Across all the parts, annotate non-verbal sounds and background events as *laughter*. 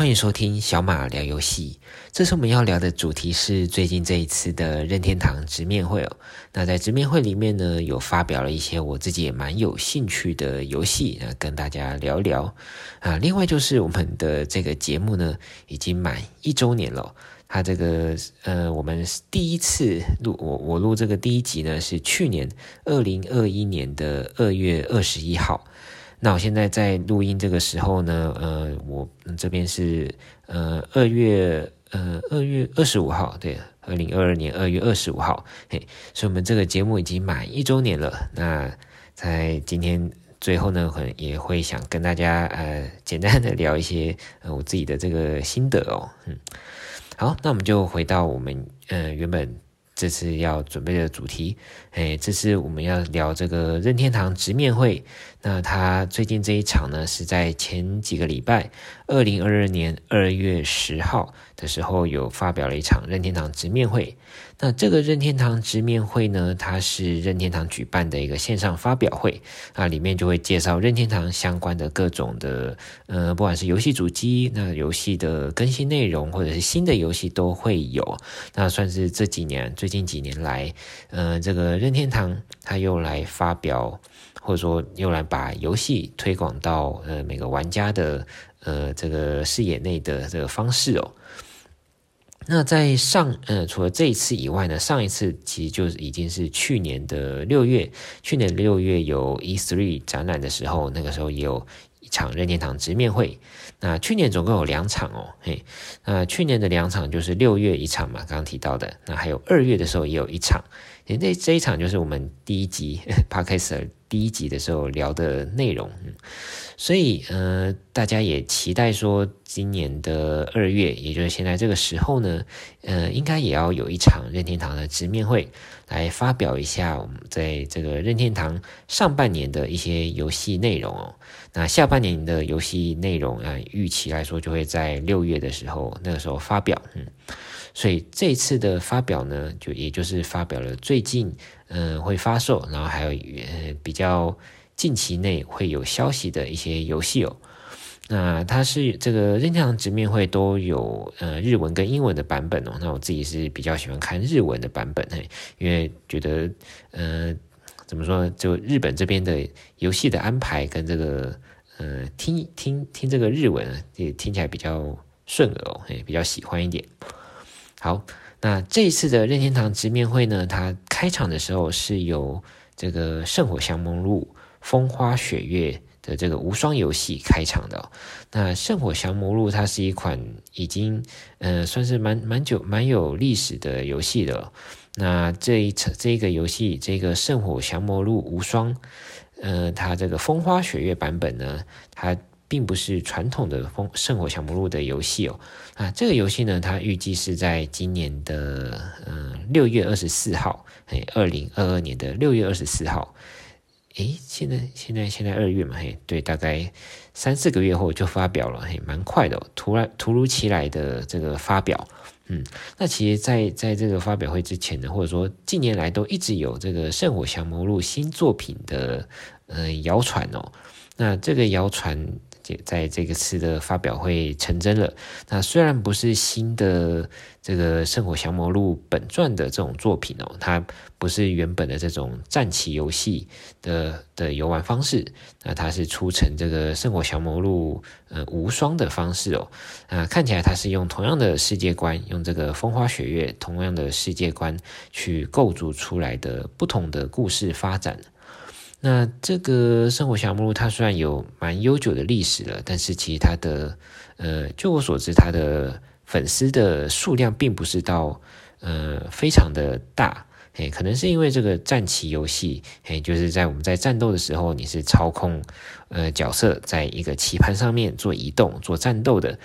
歡迎收聽小馬聊遊戲。這次我們要聊的主題是最近這一次的任天堂直面會哦。那在直面會裡面呢，有發表了一些我自己也蠻有興趣的遊戲，那跟大家聊聊。啊，另外就是我們的這個節目呢，已經滿一周年了。它這個呃，我們第一次錄我我錄這個第一集呢，是去年二零二一年的二月二十一號。那我現在在錄音這個時候呢，呃，我這邊是呃二月呃二月二十五號，對，二零二二年二月二十五號，嘿，所以我們這個節目已經滿一周年了。那在今天最後呢，可能也會想跟大家呃簡單的聊一些呃我自己的這個心得哦，嗯，好，那我們就回到我們呃原本。這次要準備的主題，哎，這次我們要聊這個任天堂直面會。那他最近這一場呢，是在前幾個禮拜，二零二二年二月十號的時候，有發表了一場任天堂直面會。那這個任天堂直面會呢，它是任天堂舉辦的一個線上發表會啊，那裡面就會介紹任天堂相關的各種的，呃，不管是遊戲主機，那遊戲的更新內容，或者是新的遊戲都會有。那算是這幾年最近幾年來，呃，這個任天堂它又來發表，或者說又來把遊戲推廣到呃每個玩家的呃這個視野內的這個方式哦。那在上，呃，除了這一次以外呢，上一次其實就已經是去年的六月。去年六月有 E3 展覽的時候，那個時候也有一場任天堂直面會。那去年總共有兩場哦，嘿，那去年的兩場就是六月一場嘛，剛剛提到的。那還有二月的時候也有一場，那這，這一場就是我們第一集 Podcast 第一集的時候聊的內容。所以，呃，大家也期待說，今年的二月，也就是現在這個時候呢，呃，應該也要有一場任天堂的直面會，來發表一下我們在這個任天堂上半年的一些遊戲內容哦。那下半年的遊戲內容啊，呃，預期來說就會在六月的時候，那個時候發表。嗯，所以這次的發表呢，就也就是發表了最近，嗯，呃，會發售，然後還有，呃，比較。近期內會有消息的一些遊戲哦，那它是這個任天堂直面會都有呃日文跟英文的版本哦，那我自己是比較喜歡看日文的版本，嘿，因為覺得呃怎麼說就日本這邊的遊戲的安排跟這個呃聽聽聽這個日文也聽起來比較順耳哦，嘿，比較喜歡一點。好，那這一次的任天堂直面會呢，它開場的時候是由這個聖火降魔錄。風花雪月的這個無雙遊戲開場的，哦，那《聖火降魔錄》它是一款已經呃算是蠻蠻久蠻有歷史的遊戲的，哦。那這一次這一個遊戲，這個《聖火降魔錄無雙》，呃，它這個風花雪月版本呢，它並不是傳統的風《聖火降魔錄》的遊戲哦。啊這個遊戲呢，它預計是在今年的呃六月二十四號，哎，二零二二年的六月二十四號。哎，現在現在現在二月嘛，嘿，對，大概三四個月後就發表了，嘿，蠻快的，哦，突然突如其來的這個發表，嗯，那其實在，在在這個發表會之前呢，或者說近年來都一直有這個《聖火降魔錄》新作品的嗯、呃、謠傳哦，那這個謠傳。就在這個次的發表會成真了。那雖然不是新的這個《聖火降魔錄》本傳的這種作品哦，它不是原本的這種戰棋遊戲的的遊玩方式，那它是出成這個《聖火降魔錄》呃無雙的方式哦。啊，看起來它是用同樣的世界觀，用這個風花雪月同樣的世界觀去構築出來的不同的故事發展。那這個《聖火降魔錄》，它雖然有蠻悠久的歷史了，但是其實它的，呃，據我所知，它的粉絲的數量並不是到，呃，非常的大，哎，可能是因為這個戰棋遊戲，哎，就是在我們在戰鬥的時候，你是操控，呃，角色在一個棋盤上面做移動、做戰鬥的。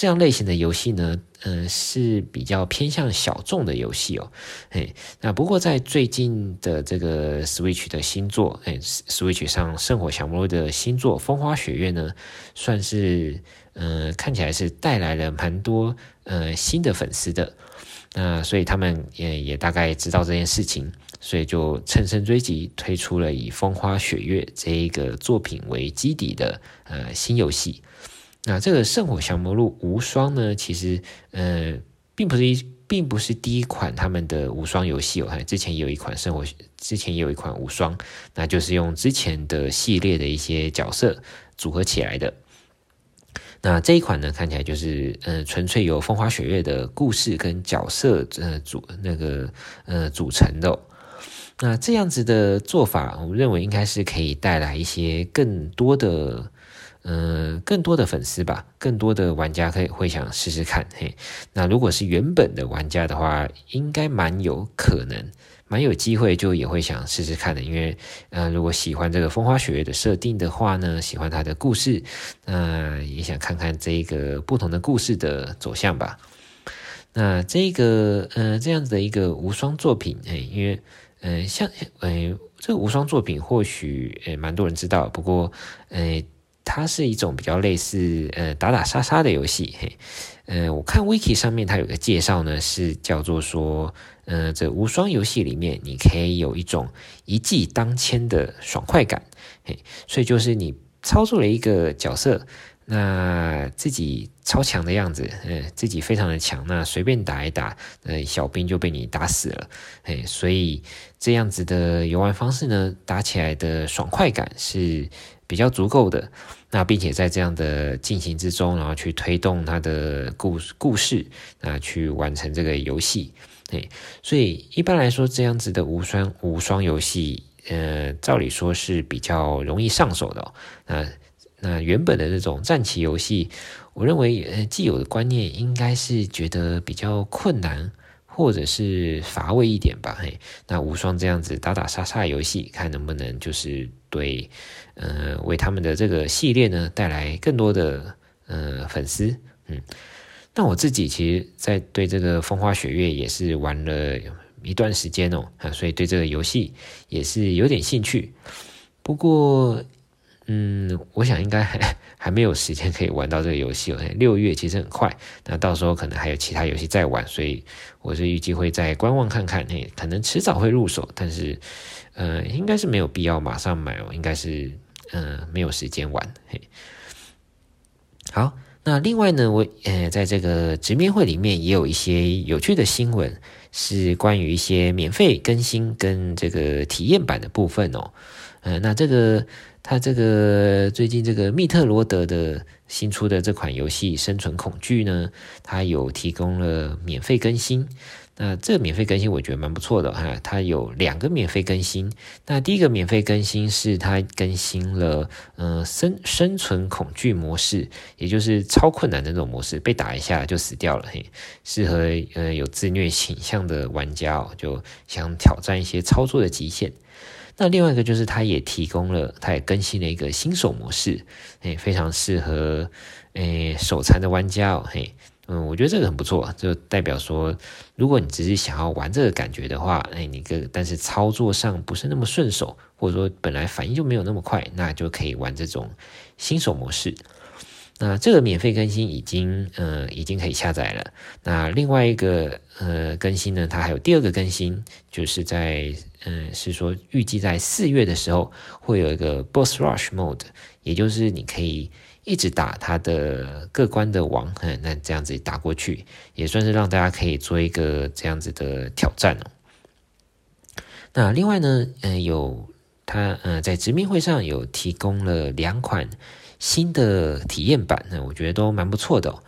這樣類型的遊戲呢，呃是比較偏向小眾的遊戲哦，嘿，那不過在最近的這個 Switch 的新作，哎，Switch 上聖火降魔錄的新作《風花雪月》呢，算是，嗯、呃，看起來是帶來了蠻多，嗯、呃，新的粉絲的，那所以他們也也大概知道這件事情，所以就乘勝追擊，推出了以《風花雪月》這一個作品為基底的，呃，新遊戲。那這個《聖火降魔錄無雙》呢，其實，呃，並不是一，並不是第一款他們的無雙遊戲哦。之前也有一款《聖火》，之前也有一款無雙，那就是用之前的系列的一些角色組合起來的。那這一款呢，看起來就是，呃，純粹由風花雪月的故事跟角色，呃，組那個，呃，組成的哦。那這樣子的做法，我認為應該是可以帶來一些更多的。嗯、呃，更多的粉絲吧，更多的玩家，可以會想試試看。嘿，那如果是原本的玩家的話，應該蠻有可能，蠻有機會就也會想試試看的。因為，嗯、呃，如果喜歡這個風花雪月的設定的話呢，喜歡他的故事，那、呃、也想看看這個不同的故事的走向吧。那這個，呃，這樣子的一個無雙作品，嘿、欸，因為，嗯、呃，像，嗯、呃，這個無雙作品或許，誒、呃、蠻多人知道，不過，誒、呃它是一種比較類似呃打打殺殺的遊戲，嘿，呃，我看 Wiki 上面它有個介紹呢，是叫做說，呃，這無雙遊戲裡面你可以有一種一騎當千的爽快感，嘿，所以就是你操作了一個角色，那自己超強的樣子，嗯，自己非常的強，那隨便打一打，呃，小兵就被你打死了，嘿，所以這樣子的遊玩方式呢，打起來的爽快感是。比較足夠的那，並且在這樣的進行之中，然後去推動他的故故事，啊，去完成這個遊戲，對，所以一般來說，這樣子的無雙無雙遊戲，呃，照理說是比較容易上手的哦。那那原本的那種戰棋遊戲，我認為呃，既有的觀念應該是覺得比較困難。或者是乏味一點吧，嘿，那無雙這樣子打打殺殺的遊戲，看能不能就是對，呃，為他們的這個系列呢帶來更多的呃粉絲，嗯，那我自己其實，在對這個風花雪月也是玩了一段時間哦，啊，所以對這個遊戲也是有點興趣，不過，嗯，我想應該。 *laughs* 還沒有時間可以玩到這個遊戲哦。六月其實很快，那到時候可能還有其他遊戲再玩，所以我是預計會再觀望看看，嘿，可能遲早會入手，但是，呃，應該是沒有必要馬上買哦，應該是，嗯、呃，沒有時間玩。嘿，好，那另外呢，我呃在這個直面會裡面也有一些有趣的新聞，是關於一些免費更新跟這個體驗版的部分哦。呃，那這個。它這個最近這個密特羅德的新出的這款遊戲《生存恐懼》呢，它有提供了免費更新。那這個免費更新我覺得蠻不錯的哈，它有兩個免費更新。那第一個免費更新是它更新了嗯、呃、生生存恐懼模式，也就是超困難的那種模式，被打一下就死掉了，嘿，適合呃有自虐傾向的玩家，就想挑戰一些操作的極限。那另外一個就是，它也提供了，它也更新了一個新手模式，哎，非常適合、哎、手殘的玩家嘿、哦、哎，嗯，我覺得這個很不錯，就代表說，如果你只是想要玩這個感覺的話，哎、你個但是操作上不是那麼順手，或者說本來反應就沒有那麼快，那就可以玩這種新手模式。那這個免費更新已經，呃、已經可以下載了。那另外一個，呃，更新呢，它還有第二個更新，就是在。嗯，是說預計在四月的時候會有一個 Boss Rush Mode，也就是你可以一直打它的各關的王，那、嗯、這樣子打過去也算是讓大家可以做一個這樣子的挑戰。哦、那另外呢，呃、嗯，有它，呃、嗯，在直面會上有提供了兩款新的體驗版，那我覺得都蠻不錯的哦。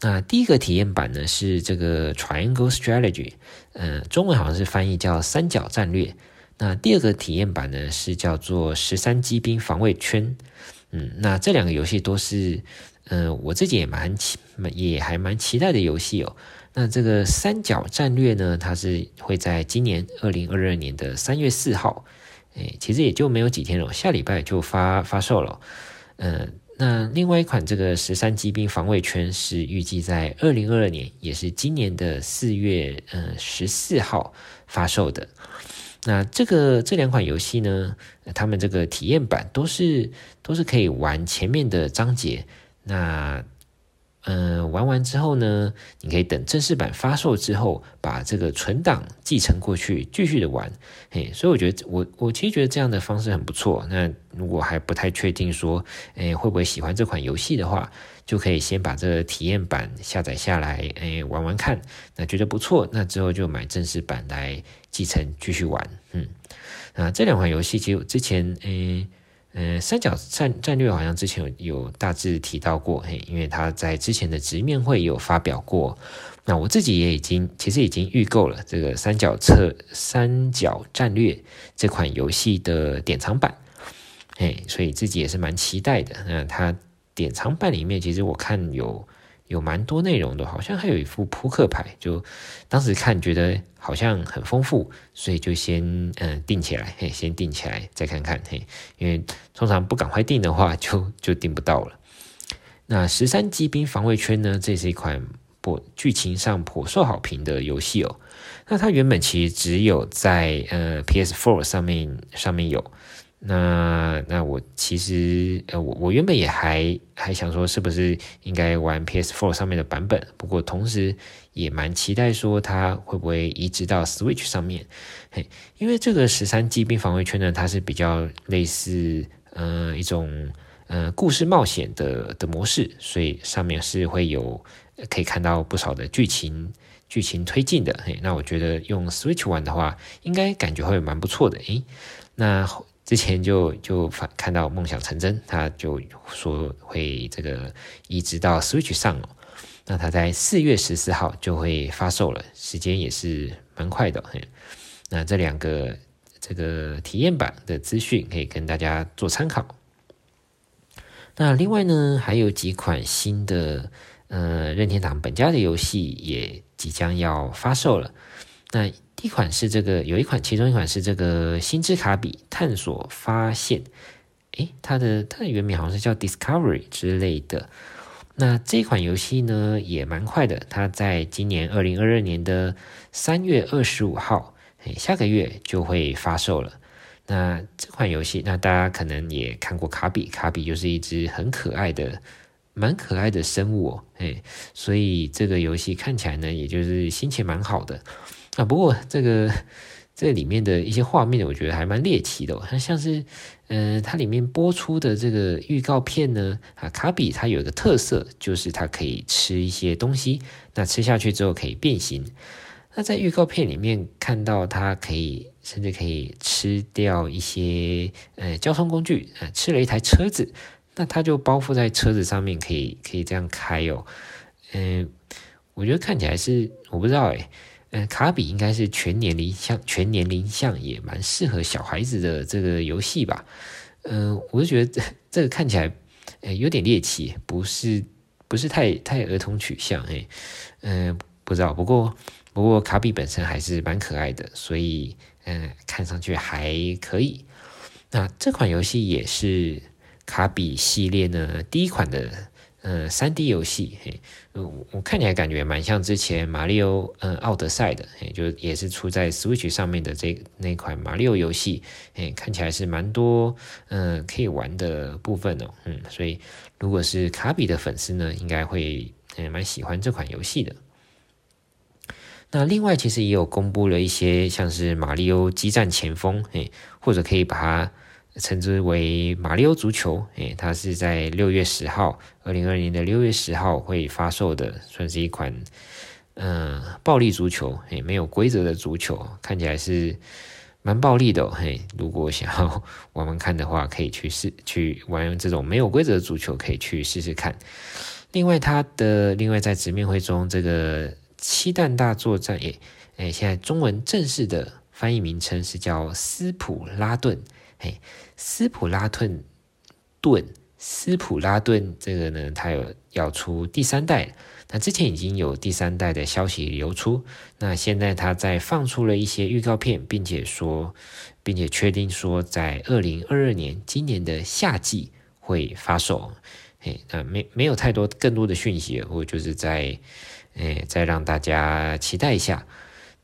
那第一個體驗版呢是這個 Triangle Strategy。嗯、呃，中文好像是翻譯叫三角戰略。那第二個體驗版呢，是叫做十三機兵防衛圈。嗯，那這兩個遊戲都是，嗯、呃，我自己也蠻期，也還蠻期待的遊戲哦。那這個三角戰略呢，它是會在今年二零二二年的三月四號，哎，其實也就沒有幾天了，下禮拜就發發售了。嗯、呃。那另外一款這個《十三機兵防衛圈》是預計在二零二二年，也是今年的四月呃十四號發售的。那這個這兩款遊戲呢，他們這個體驗版都是都是可以玩前面的章節。那嗯，玩完之後呢，你可以等正式版發售之後，把這個存檔繼承過去，繼續的玩。哎，所以我覺得，我我其實覺得這樣的方式很不錯。那如果還不太確定說，誒，會不會喜歡這款遊戲的話，就可以先把這個體驗版下載下來，誒，玩玩看。那覺得不錯，那之後就買正式版來繼承繼續玩。嗯，啊，這兩款遊戲其實我之前，誒。嗯，三角戰戰略好像之前有有大致提到過，嘿，因為他在之前的直面會有發表過，那我自己也已經其實已經預購了這個三角測三角戰略這款遊戲的典藏版，嘿，所以自己也是蠻期待的。那他典藏版裡面其實我看有有蠻多內容的，好像還有一副撲克牌，就當時看覺得，好像很豐富，所以就先嗯、呃、定起來，嘿，先定起來再看看，嘿，因為通常不趕快定的話，就就定不到了。那《十三機兵防衛圈》呢？這是一款不，劇情上頗受好評的遊戲哦。那它原本其實只有在呃 PS4 上面上面有。那那我其實呃我我原本也還還想說是不是應該玩 PS4 上面的版本，不過同時也蠻期待說它會不會移植到 Switch 上面，嘿，因為這個十三機兵防衛圈呢，它是比較類似嗯、呃、一種嗯、呃、故事冒險的的模式，所以上面是會有可以看到不少的劇情劇情推進的，嘿，那我覺得用 Switch 玩的話，應該感覺會蠻不錯的，誒，那。之前就就發看到夢想成真，他就說會這個移植到 Switch 上，那它在四月十四號就會發售了，時間也是蠻快的。那這兩個這個體驗版的資訊可以跟大家做參考。那另外呢，還有幾款新的呃任天堂本家的遊戲也即將要發售了，那。第一款是這個，有一款，其中一款是這個《星之卡比：探索發現》，誒，它的它的原名好像是叫 “Discovery” 之類的。那這款遊戲呢也蠻快的，它在今年二零二二年的三月二十五號，哎，下個月就會發售了。那這款遊戲，那大家可能也看過卡比，卡比就是一隻很可愛的、蠻可愛的生物哦，哎，所以這個遊戲看起來呢，也就是心情蠻好的。啊，不過這個這裡面的一些畫面，我覺得還蠻獵奇的、哦。它像是，呃，它裡面播出的這個預告片呢，啊，卡比它有一個特色，就是它可以吃一些東西，那吃下去之後可以變形。那在預告片裡面看到，它可以甚至可以吃掉一些呃交通工具，啊、呃，吃了一台車子，那它就包覆在車子上面，可以可以這樣開哦。嗯、呃，我覺得看起來是，我不知道哎、欸。嗯、卡比應該是全年齡向，全年齡向也蠻適合小孩子的這個遊戲吧。嗯、呃，我就覺得這這個看起來，呃，有點獵奇，不是不是太太兒童取向誒。嗯、欸呃，不知道，不過不過卡比本身還是蠻可愛的，所以嗯、呃，看上去還可以。那這款遊戲也是卡比系列呢第一款的。嗯、呃，三 D 遊戲，嘿，我看起來感覺蠻像之前馬里奧，嗯，奧德賽的，嘿，就也是出在 Switch 上面的這那款馬里奧遊戲，哎，看起來是蠻多，嗯、呃，可以玩的部分哦，嗯，所以如果是卡比的粉絲呢，應該會，哎，蠻喜歡這款遊戲的。那另外其實也有公布了一些，像是馬里奧激戰前鋒，嘿，或者可以把它。稱之為《馬里奧足球》欸，誒，它是在六月十號，二零二零年的六月十號會發售的，算是一款嗯、呃、暴力足球，誒、欸，沒有規則的足球，看起來是蠻暴力的、哦，嘿、欸，如果想要玩玩看的話，可以去試去玩用這種沒有規則的足球，可以去試試看。另外，它的另外在直面會中，這個漆彈大作戰，誒、欸，誒、欸，現在中文正式的翻譯名稱是叫《斯普拉頓》。嘿，斯普拉頓，頓，斯普拉頓這個呢，它有要出第三代，那之前已經有第三代的消息流出，那現在它在放出了一些預告片，並且說，並且確定說在二零二二年今年的夏季會發售，嘿，那沒沒有太多更多的訊息，我就是在，哎、欸，再讓大家期待一下。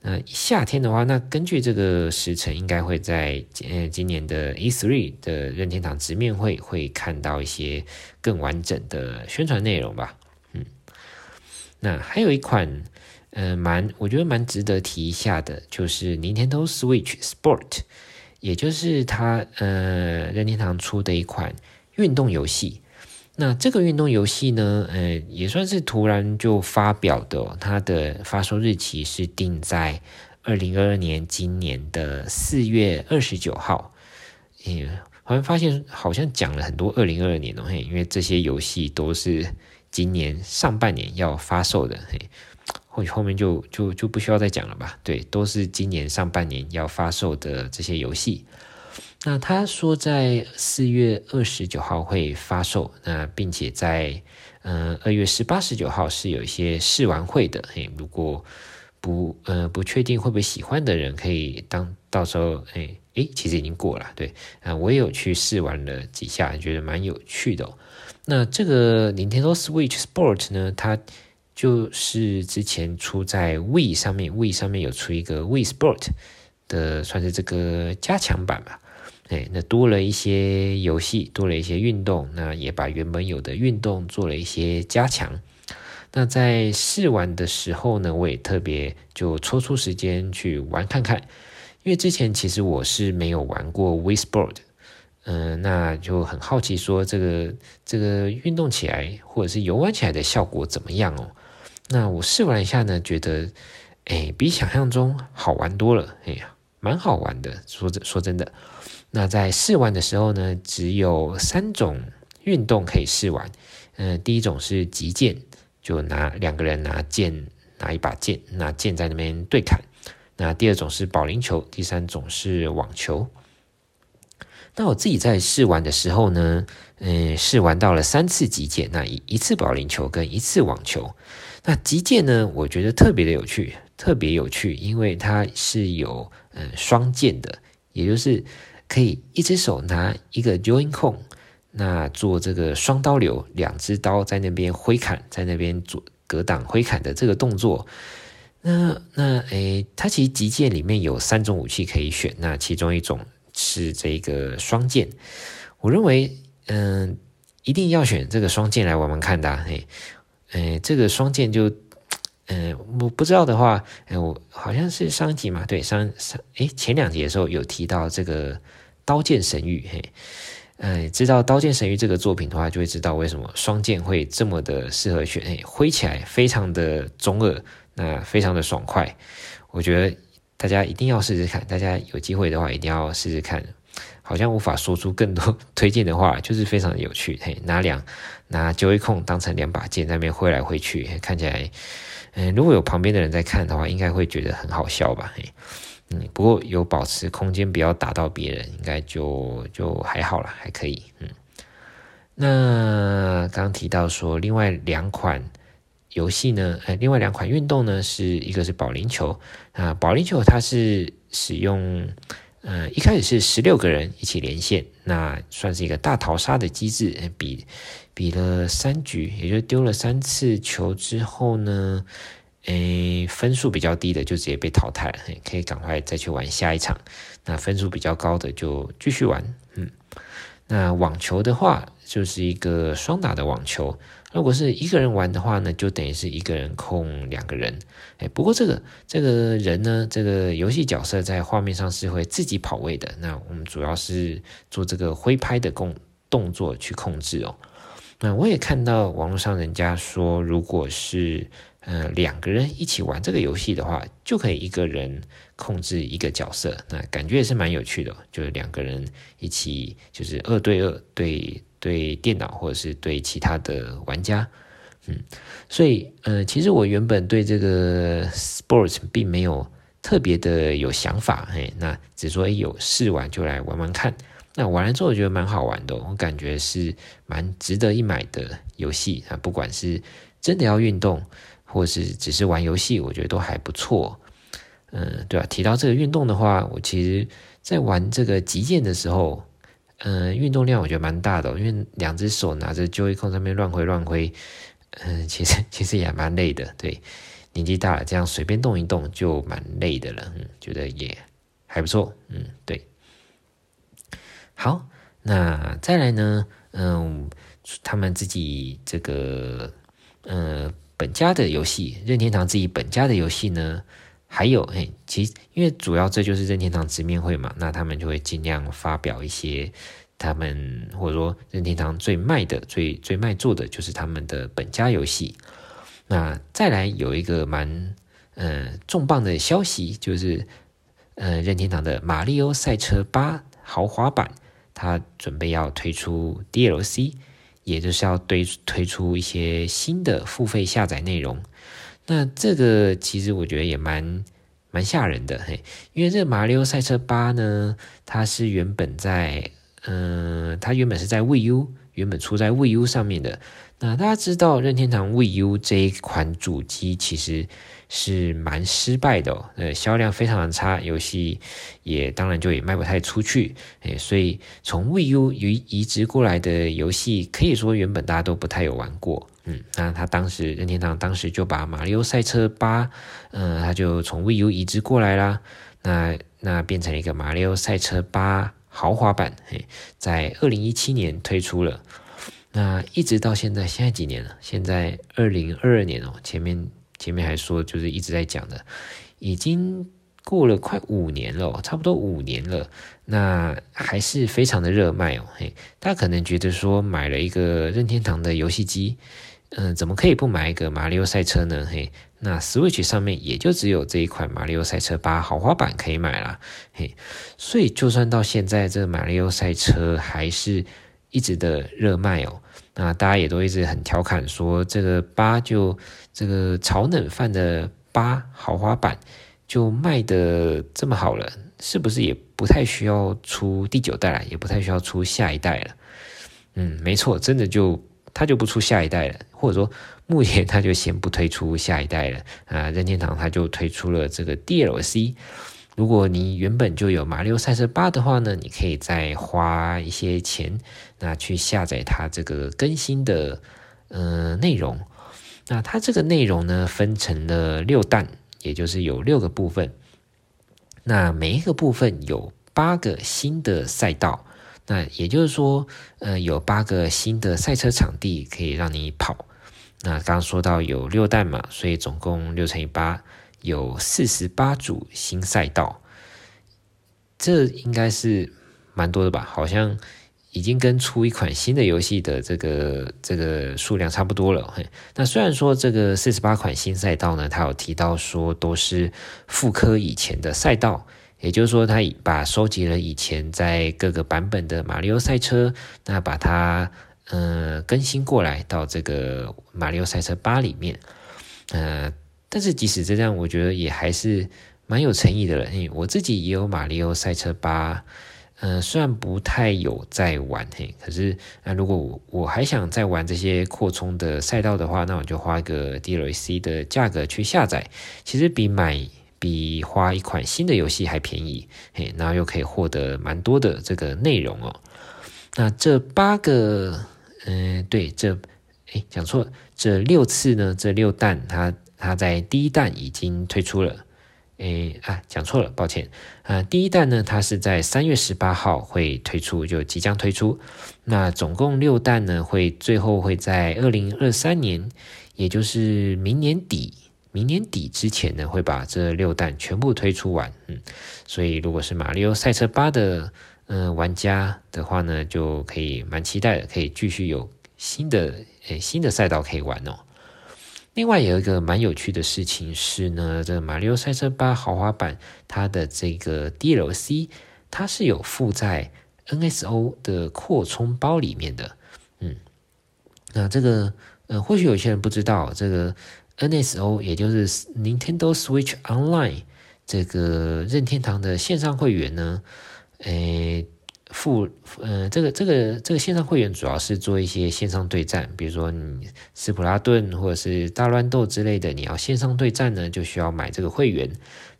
那、呃、夏天的話，那根據這個時程應該會在呃今年的 E3 的任天堂直面會會看到一些更完整的宣傳內容吧。嗯，那還有一款，呃，蠻我覺得蠻值得提一下的，就是 Nintendo Switch Sport，也就是它呃任天堂出的一款運動遊戲。那這個運動遊戲呢，呃，也算是突然就發表的哦，它的發售日期是定在二零二二年今年的四月二十九號。欸，好像發現好像講了很多二零二二年哦，嘿，因為這些遊戲都是今年上半年要發售的，嘿，或許後面就就就不需要再講了吧？對，都是今年上半年要發售的這些遊戲。那他說在四月二十九號會發售，那並且在嗯二月十八十九號是有一些試玩會的。哎，如果不呃不確定會不會喜歡的人可以當到時候哎哎，其實已經過了。對啊、呃，我也有去試玩了幾下，覺得蠻有趣的哦。那這個 Nintendo Switch Sport 呢，它就是之前出在 Wii 上面，Wii 上面有出一個 Wii Sport 的，算是這個加強版吧。哎，那多了一些遊戲，多了一些運動，那也把原本有的運動做了一些加強。那在試玩的時候呢，我也特別就抽出時間去玩看看，因為之前其實我是沒有玩過 Wii Sports 嗯、呃，那就很好奇說這個這個運動起來或者是遊玩起來的效果怎麼樣哦。那我試玩一下呢，覺得哎比想象中好玩多了，哎呀，蠻好玩的，說真說真的。那在試玩的時候呢，只有三種運動可以試玩。嗯，第一種是擊劍，就拿兩個人拿劍拿一把劍，那劍在那邊對砍。那第二種是保齡球，第三種是網球。那我自己在試玩的時候呢，嗯，試玩到了三次擊劍，那一一次保齡球跟一次網球。那擊劍呢，我覺得特別的有趣，特別有趣，因為它是有嗯雙劍的，也就是。可以一隻手拿一個，Joy-Con，那做這個雙刀流，兩隻刀在那邊揮砍，在那邊做格擋揮砍的這個動作。那那誒，他其實擊劍裡面有三種武器可以選。那其中一種是這個雙劍，我認為嗯、呃，一定要選這個雙劍來玩玩看的，啊。嘿，誒，這個雙劍就，嗯，我不知道的話，哎，我好像是上一集嘛，對，上上誒，前兩集的時候有提到這個。刀劍神域，嘿，哎，知道《刀劍神域》這個作品的話，就會知道為什麼雙劍會這麼的適合選，嘿、哎，揮起來非常的中二，那非常的爽快。我覺得大家一定要試試看，大家有機會的話一定要試試看。好像無法說出更多推薦的話，就是非常的有趣，嘿、哎，拿兩拿 Joy-Con 當成兩把劍在那邊揮來揮去，看起來，嗯、哎，如果有旁邊的人在看的話，應該會覺得很好笑吧，嘿、哎。嗯，不過有保持空間，不要打到別人，應該就就還好了，還可以。嗯，那剛提到說，另外兩款遊戲呢，呃，另外兩款運動呢，是一個是保齡球啊、呃，保齡球它是使用，嗯、呃，一開始是十六個人一起連線，那算是一個大逃殺的機制，呃、比比了三局，也就丟了三次球之後呢。誒，分數比較低的就直接被淘汰，可以趕快再去玩下一場。那分數比較高的就繼續玩。嗯，那網球的話就是一個雙打的網球。如果是一個人玩的話呢，就等於是一個人控兩個人。誒，不過這個這個人呢，這個遊戲角色在畫面上是會自己跑位的。那我們主要是做這個揮拍的動作去控制哦。那我也看到網絡上人家說，如果是。嗯、呃，兩個人一起玩這個遊戲的話，就可以一個人控制一個角色，那感覺也是蠻有趣的。哦，就是兩個人一起，就是二對二對對電腦或者是對其他的玩家，嗯，所以呃，其實我原本對這個 sports 並沒有特別的有想法，嘿、哎，那只說一有試玩就來玩玩看，那玩完之後我覺得蠻好玩的。哦，我感覺是蠻值得一買的遊戲啊，不管是真的要運動。或是只是玩遊戲，我覺得都還不錯。嗯，對吧，啊？提到這個運動的話，我其實在玩這個擊劍的時候，嗯，運動量我覺得蠻大的哦，因為兩隻手拿着 Joy-Con 上面亂揮亂揮，嗯，其實其實也蠻累的。對，年紀大了，這樣隨便動一動就蠻累的了。嗯，覺得也還不錯。嗯，對。好，那再來呢？嗯，他們自己這個，嗯。本家的遊戲，任天堂自己本家的遊戲呢？還有，哎、欸，其因為主要這就是任天堂直面會嘛，那他們就會盡量發表一些他們或者說任天堂最賣的、最最賣座的，就是他們的本家遊戲。那再來有一個蠻嗯、呃、重磅的消息，就是嗯、呃、任天堂的《馬力歐賽車八豪華版》，它準備要推出 DLC。也就是要推推出一些新的付費下載內容，那這個其實我覺得也蠻蠻嚇人的嘿，因為這個《馬里奧賽車八》呢，它是原本在嗯、呃，它原本是在 Wii U，原本出在 Wii U 上面的。那大家知道，任天堂 Wii U 這一款主機其實，是蠻失敗的哦，呃，銷量非常的差，遊戲也當然就也賣不太出去，誒，所以從 Wii U 移移植過來的遊戲，可以說原本大家都不太有玩過，嗯，那他當時任天堂當時就把《馬里奧賽車八》，嗯，他就從 Wii U 移植過來啦，那那變成一個《馬里奧賽車八豪華版》，嘿，在二零一七年推出了，那一直到現在，現在幾年了？現在二零二二年哦，前面。前面還說，就是一直在講的，已經過了快五年了，差不多五年了，那還是非常的熱賣哦。嘿，大家可能覺得說買了一個任天堂的遊戲機，嗯、呃，怎麼可以不買一個馬里奧賽車呢？嘿，那 Switch 上面也就只有這一款馬里奧賽車八豪華版可以買啦。嘿，所以就算到現在，這個、馬里奧賽車還是一直的熱賣哦。那大家也都一直很調侃說，這個八就。這個炒冷飯，的八豪華版就賣的這麼好了，是不是也不太需要出第九代了，也不太需要出下一代了？嗯，沒錯，真的就它就不出下一代了，或者說目前它就先不推出下一代了。啊，任天堂它就推出了這個 DLC。如果你原本就有《馬里奧賽車8》的話呢，你可以再花一些錢，那去下載它這個更新的嗯、呃、內容。那它這個內容呢，分成了六彈，也就是有六個部分。那每一個部分有八個新的賽道，那也就是說，呃，有八個新的賽車場地可以讓你跑。那剛剛說到有六彈嘛，所以總共六乘以八，有四十八組新賽道。這應該是蠻多的吧？好像。已經跟出一款新的遊戲的這個這個數量差不多了。嘿，那雖然說這個四十八款新賽道呢，它有提到說都是復刻以前的賽道，也就是說它把收集了以前在各個版本的瑪利歐賽車，那把它嗯、呃、更新過來到這個瑪利歐賽車八裡面。嗯、呃，但是即使這樣，我覺得也還是蠻有誠意的了。我自己也有瑪利歐賽車八。嗯、呃，雖然不太有在玩嘿，可是那如果我我還想再玩這些擴充的賽道的話，那我就花一個 DLC 的價格去下載，其實比買比花一款新的遊戲還便宜嘿，然後又可以獲得蠻多的這個內容哦。那這八個，嗯、呃，對，這哎講錯了，這六次呢，這六彈它它在第一彈已經推出了。誒啊，講錯了，抱歉。啊、呃，第一彈呢，它是在三月十八號會推出，就即將推出。那總共六彈呢，會最後會在二零二三年，也就是明年底，明年底之前呢，會把這六彈全部推出完。嗯，所以如果是馬里奧賽車八的嗯、呃、玩家的話呢，就可以蠻期待的，可以繼續有新的誒新的賽道可以玩哦。另外有一個蠻有趣的事情是呢，這個《馬里奧賽車八豪華版》它的這個 DLC 它是有附在 NSO 的擴充包裡面的，嗯，那這個呃，或許有些人不知道，這個 NSO 也就是 Nintendo Switch Online 這個任天堂的線上會員呢，誒、欸。付，嗯、呃，這個這個這個線上會員主要是做一些線上對戰，比如說你斯普拉頓或者是大亂鬥之類的，你要線上對戰呢，就需要買這個會員。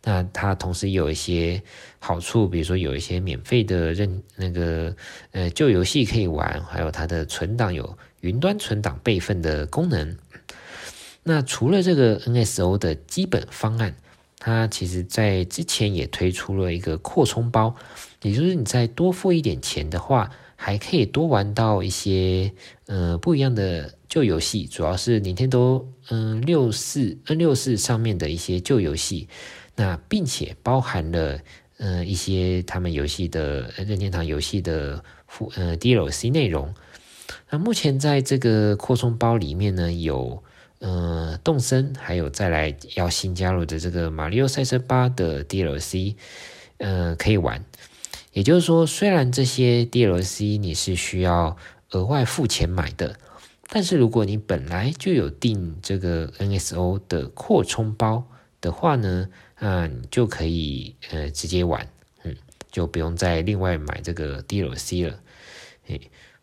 那它同時有一些好處，比如說有一些免費的任，那個，呃，舊遊戲可以玩，還有它的存檔有雲端存檔備份的功能。那除了這個 NSO 的基本方案，它其實在之前也推出了一個擴充包。也就是你再多付一點錢的話，還可以多玩到一些呃不一樣的舊遊戲，主要是 Nintendo 嗯、呃、六四 N64 上面的一些舊遊戲，那並且包含了嗯、呃、一些他們遊戲的任天堂遊戲的附呃 DLC 內容。那目前在這個擴充包裡面呢，有嗯、呃、動森，還有再來要新加入的這個馬里奧賽車八的 DLC，嗯、呃、可以玩。也就是說，雖然這些 DLC 你是需要額外付錢買的，但是如果你本來就有訂這個 NSO 的擴充包的話呢，啊，你就可以呃直接玩，嗯，就不用再另外買這個 DLC 了。哎，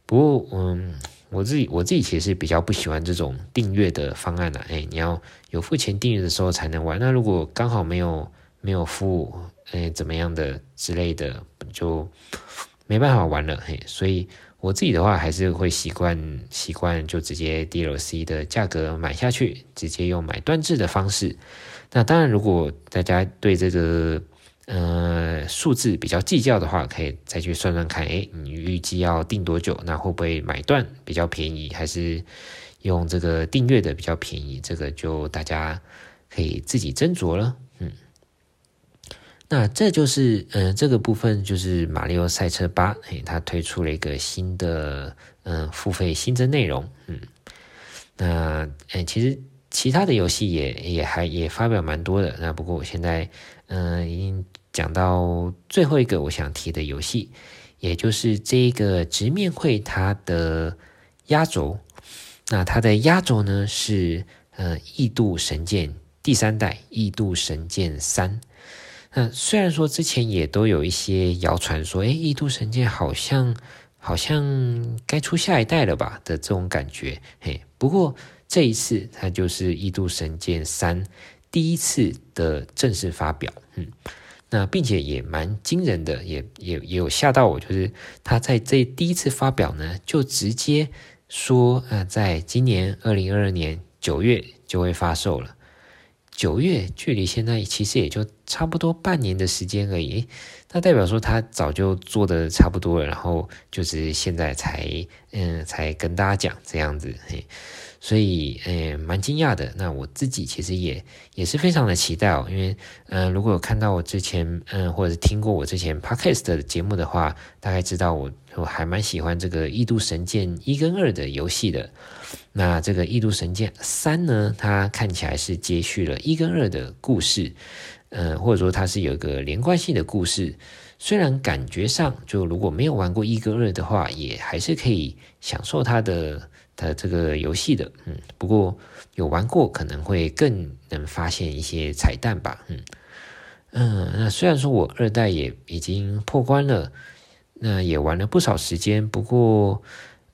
不過嗯，我自己我自己其實是比較不喜歡這種訂閱的方案啦，哎，你要有付錢訂閱的時候才能玩，那如果剛好沒有沒有付。誒怎麼樣的之類的，就沒辦法玩了嘿。所以我自己的話還是會習慣習慣，就直接 DLC 的價格買下去，直接用買斷制的方式。那當然，如果大家對這個呃數字比較計較的話，可以再去算算看，哎，你預計要訂多久，那會不會買斷比較便宜，還是用這個訂閱的比較便宜，這個就大家可以自己斟酌了。那這就是，嗯、呃，這個部分就是《馬里奧賽車八》，嘿，它推出了一個新的，嗯、呃，付費新增內容，嗯，那，哎、欸，其實其他的遊戲也也還也發表蠻多的，那不過我現在，嗯、呃，已經講到最後一個我想提的遊戲，也就是這一個直面會它的壓軸，那它的壓軸呢是，呃，《異度神劍》第三代，《異度神劍三》。那雖然說之前也都有一些謠傳說，誒，《異度神劍》好像好像該出下一代了吧的這種感覺，嘿。不過這一次它就是《異度神劍三》第一次的正式發表，嗯。那並且也蠻驚人的，也也也有嚇到我，就是他在這第一次發表呢，就直接說啊、呃，在今年二零二二年九月就會發售了。九月距離現在其實也就差不多半年的時間而已，那代表說他早就做得差不多了，然後就是現在才嗯才跟大家講這樣子，嘿，所以嗯蠻驚訝的。那我自己其實也也是非常的期待哦，因為嗯、呃、如果有看到我之前嗯、呃、或者聽過我之前 Podcast 的節目的話，大概知道我。我還蠻喜歡這個《異度神劍一》跟二的遊戲的，那這個《異度神劍三》呢，它看起來是接續了一跟二的故事，呃，嗯，或者說它是有一個連貫性的故事。雖然感覺上，就如果沒有玩過一跟二的話，也還是可以享受它的它的這個遊戲的，嗯，不過有玩過可能會更能發現一些彩蛋吧嗯，嗯嗯。那雖然說我二代也已經破關了。那也玩了不少時間，不過，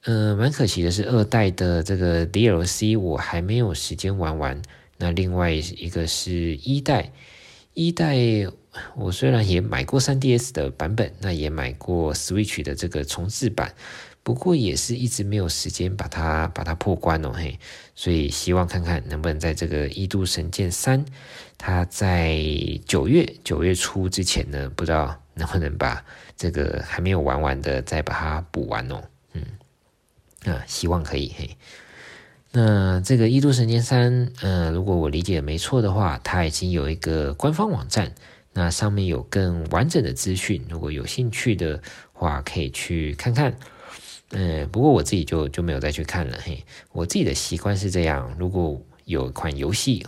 嗯、呃，蠻可惜的是，二代的這個 DLC 我還沒有時間玩完。那另外一個是，一代，一代我雖然也買過 3DS 的版本，那也買過 Switch 的這個重置版，不過也是一直沒有時間把它把它破關哦，嘿，所以希望看看能不能在這個《異度神劍三》，它在九月九月初之前呢，不知道能不能把。這個還沒有玩完的，再把它補完哦。嗯，啊，希望可以嘿。那這個《異度神劍三》，呃，如果我理解的沒錯的話，它已經有一個官方網站，那上面有更完整的資訊。如果有興趣的話，可以去看看。嗯、呃，不過我自己就就沒有再去看了嘿。我自己的習慣是這樣，如果有一款遊戲，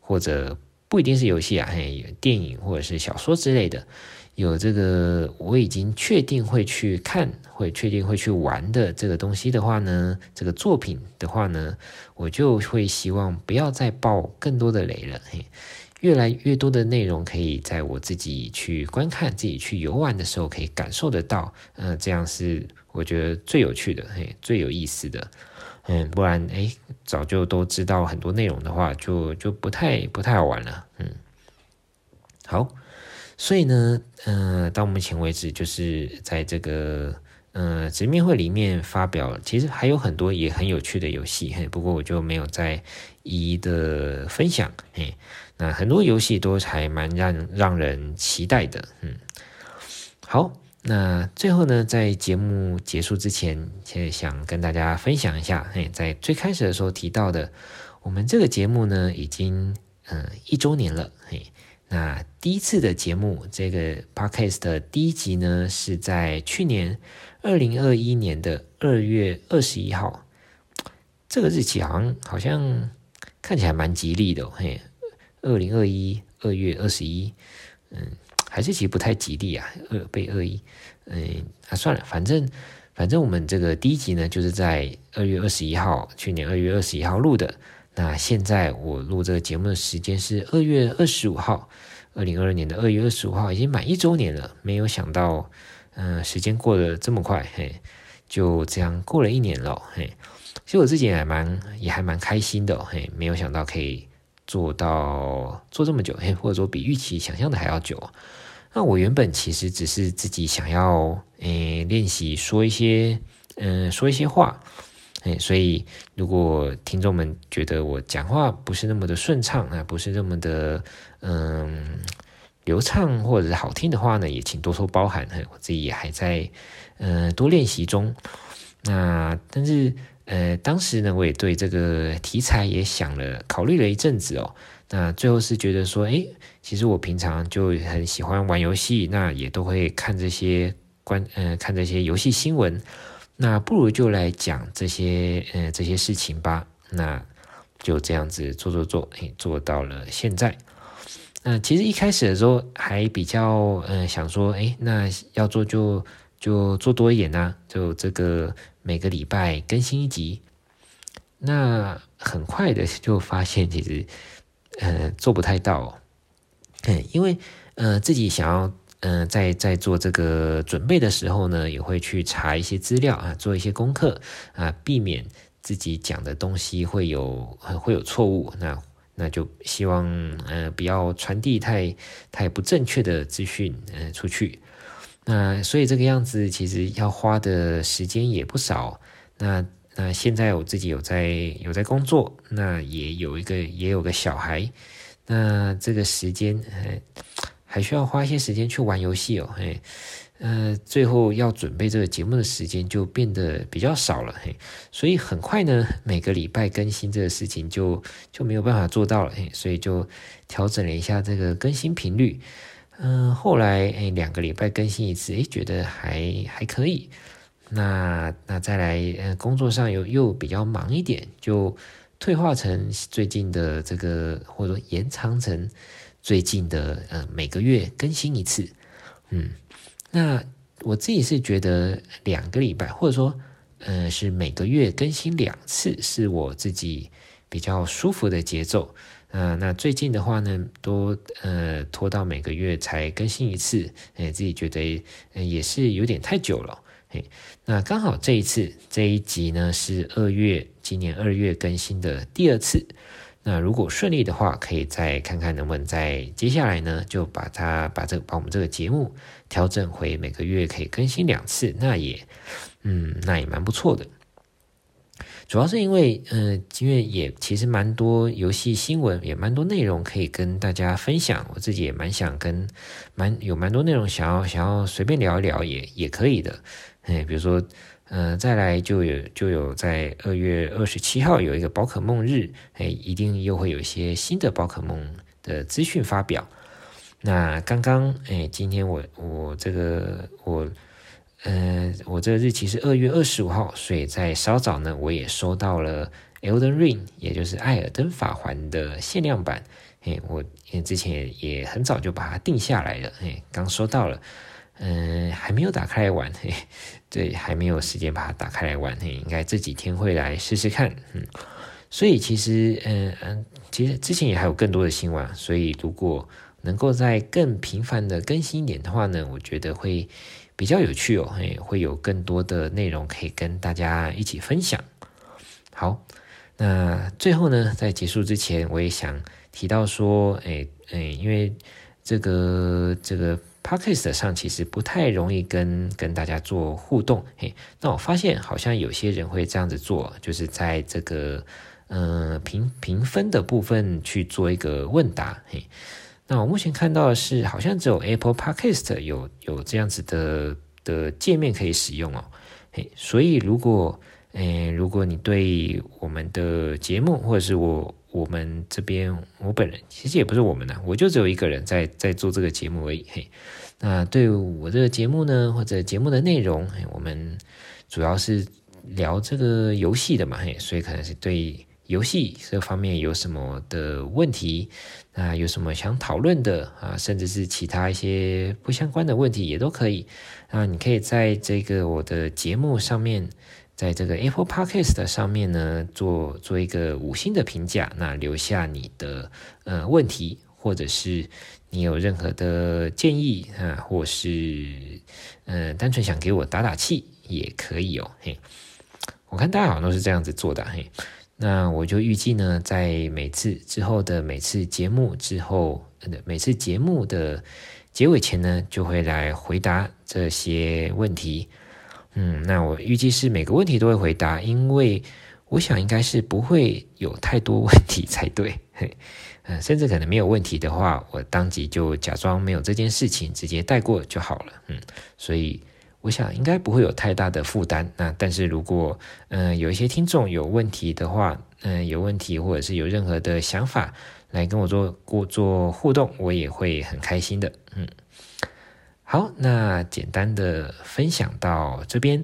或者不一定是遊戲啊，嘿，電影或者是小說之類的。有這個，我已經確定會去看，會確定會去玩的這個東西的話呢，這個作品的話呢，我就會希望不要再爆更多的雷了。嘿，越來越多的內容可以在我自己去觀看、自己去遊玩的時候可以感受得到。嗯、呃，這樣是我覺得最有趣的，嘿，最有意思的。嗯，不然哎、欸，早就都知道很多內容的話，就就不太不太好玩了。嗯，好。所以呢，嗯、呃，到目前為止，就是在這個呃直面會裡面發表，其實還有很多也很有趣的遊戲，嘿，不過我就沒有再一一的分享，嘿，那很多遊戲都還蠻讓讓人期待的，嗯，好，那最後呢，在節目結束之前，現在想跟大家分享一下，嘿，在最開始的時候提到的，我們這個節目呢，已經嗯、呃、一週年了，嘿。那第一次的節目，這個 Podcast 的第一集呢，是在去年二零二一年的二月二十一號，這個日期好像好像看起來蠻吉利的哦，嘿，二零二一，二月二十一，嗯，還是其實不太吉利啊，二被二一，嗯啊，算了，反正反正我們這個第一集呢，就是在二月二十一號，去年二月二十一號錄的。那現在我錄這個節目的時間是二月二十五號，二零二二年的二月二十五號已經滿一週年了。沒有想到，嗯、呃，時間過得這麼快，嘿，就這樣過了一年了，嘿。其實我自己也還蠻也還蠻開心的，嘿，沒有想到可以做到做這麼久，嘿，或者說比預期想象的還要久。那我原本其實只是自己想要，嗯、呃，練習說一些，嗯、呃，說一些話。誒，所以如果聽眾們覺得我講話不是那麼的順暢啊，不是那麼的嗯、呃、流暢或者是好聽的話呢，也請多多包涵，我自己也還在嗯、呃、多練習中。那但是呃當時呢，我也對這個題材也想了考慮了一陣子哦。那最後是覺得說，誒，其實我平常就很喜歡玩遊戲，那也都會看這些關呃看這些遊戲新聞。那不如就來講這些，嗯、呃，這些事情吧。那就這樣子做做做、哎，做到了現在。那其實一開始的時候還比較，嗯、呃，想說，哎，那要做就就做多一點呢、啊，就這個每個禮拜更新一集。那很快的就發現，其實，嗯、呃，做不太到、哦，嗯，因為，呃，自己想要。嗯、呃，在在做這個準備的時候呢，也會去查一些資料啊，做一些功課啊，避免自己講的東西會有會有錯誤。那那就希望，呃，不要傳遞太太不正確的資訊，嗯、呃，出去。那所以這個樣子其實要花的時間也不少。那那現在我自己有在有在工作，那也有一個也有個小孩，那這個時間、呃還需要花一些時間去玩遊戲哦，嘿，呃，最後要準備這個節目的時間就變得比較少了，嘿，所以很快呢，每個禮拜更新這個事情就就沒有辦法做到了，誒，所以就調整了一下這個更新頻率，嗯、呃，後來誒，兩個禮拜更新一次，誒，覺得還還可以，那那再來，嗯、呃，工作上又又比較忙一點，就退化成最近的這個，或者說延長成。最近的呃每個月更新一次，嗯，那我自己是覺得兩個禮拜或者說呃是每個月更新兩次是我自己比較舒服的節奏，呃，那最近的話呢都呃拖到每個月才更新一次，哎、呃，自己覺得呃也是有點太久了，嘿、呃，那剛好這一次這一集呢是二月今年二月更新的第二次。那如果順利的話，可以再看看能不能在接下來呢，就把它把這個把我們這個節目調整回每個月可以更新兩次。那也，嗯，那也蠻不錯的。主要是因為，嗯、呃，因為也其實蠻多遊戲新聞，也蠻多內容可以跟大家分享。我自己也蠻想跟，蠻有蠻多內容想要想要隨便聊一聊也，也也可以的。哎、欸，比如說。嗯、呃，再來就有就有在二月二十七號有一個寶可夢日，哎，一定又會有一些新的寶可夢的資訊發表。那剛剛哎，今天我我這個我，呃，我這日期是二月二十五號，所以在稍早呢，我也收到了《Elden Ring》，也就是《艾爾登法環》的限量版。嘿，我之前也很早就把它定下來了，嘿，剛收到了，嗯、呃，還沒有打開玩，嘿。對，還沒有時間把它打開來玩，嘿、欸，應該這幾天會來試試看，嗯，所以其實，嗯嗯，其實之前也還有更多的新聞，所以如果能夠再更頻繁的更新一點的話呢，我覺得會比較有趣哦，欸、會有更多的內容可以跟大家一起分享。好，那最後呢，在結束之前，我也想提到說，誒、欸、誒、欸、因為。這個這個 podcast 上其實不太容易跟跟大家做互動，嘿，那我發現好像有些人會這樣子做，就是在這個嗯、呃、評評分的部分去做一個問答，嘿，那我目前看到的是好像只有 Apple Podcast 有有這樣子的的界面可以使用哦，嘿，所以如果嗯、呃、如果你對我們的節目或者是我。我們這邊，我本人其實也不是我們的啊，我就只有一個人在在做這個節目而已。嘿，那對我這個節目呢，或者節目的內容，我們主要是聊這個遊戲的嘛，嘿，所以可能是對遊戲這方面有什麼的問題，那有什麼想討論的啊，甚至是其他一些不相關的問題也都可以。那你可以在這個我的節目上面。在這個 Apple Podcast 的上面呢，做做一個五星的評價，那留下你的呃問題，或者是你有任何的建議啊、呃，或是呃單純想給我打打氣也可以哦。嘿，我看大家好像都是這樣子做的嘿。那我就預計呢，在每次之後的每次節目之後、呃，每次節目的結尾前呢，就會來回答這些問題。嗯，那我預計是每個問題都會回答，因為我想應該是不會有太多問題才對。嗯、呃，甚至可能沒有問題的話，我當即就假裝沒有這件事情，直接帶過就好了。嗯，所以我想應該不會有太大的負擔。那但是如果嗯、呃、有一些聽眾有問題的話，嗯、呃、有問題或者是有任何的想法來跟我做過做互動，我也會很開心的。嗯。好，那簡單的分享到這邊。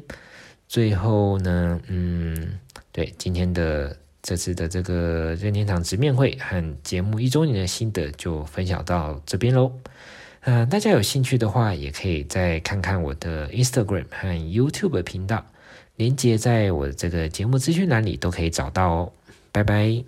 最後呢，嗯，對，今天的這次的這個任天堂直面會和節目一周年的心得就分享到這邊嘍。呃，大家有興趣的話，也可以再看看我的 Instagram 和 YouTube 頻道，連接在我的這個節目資訊欄裡都可以找到哦。拜拜。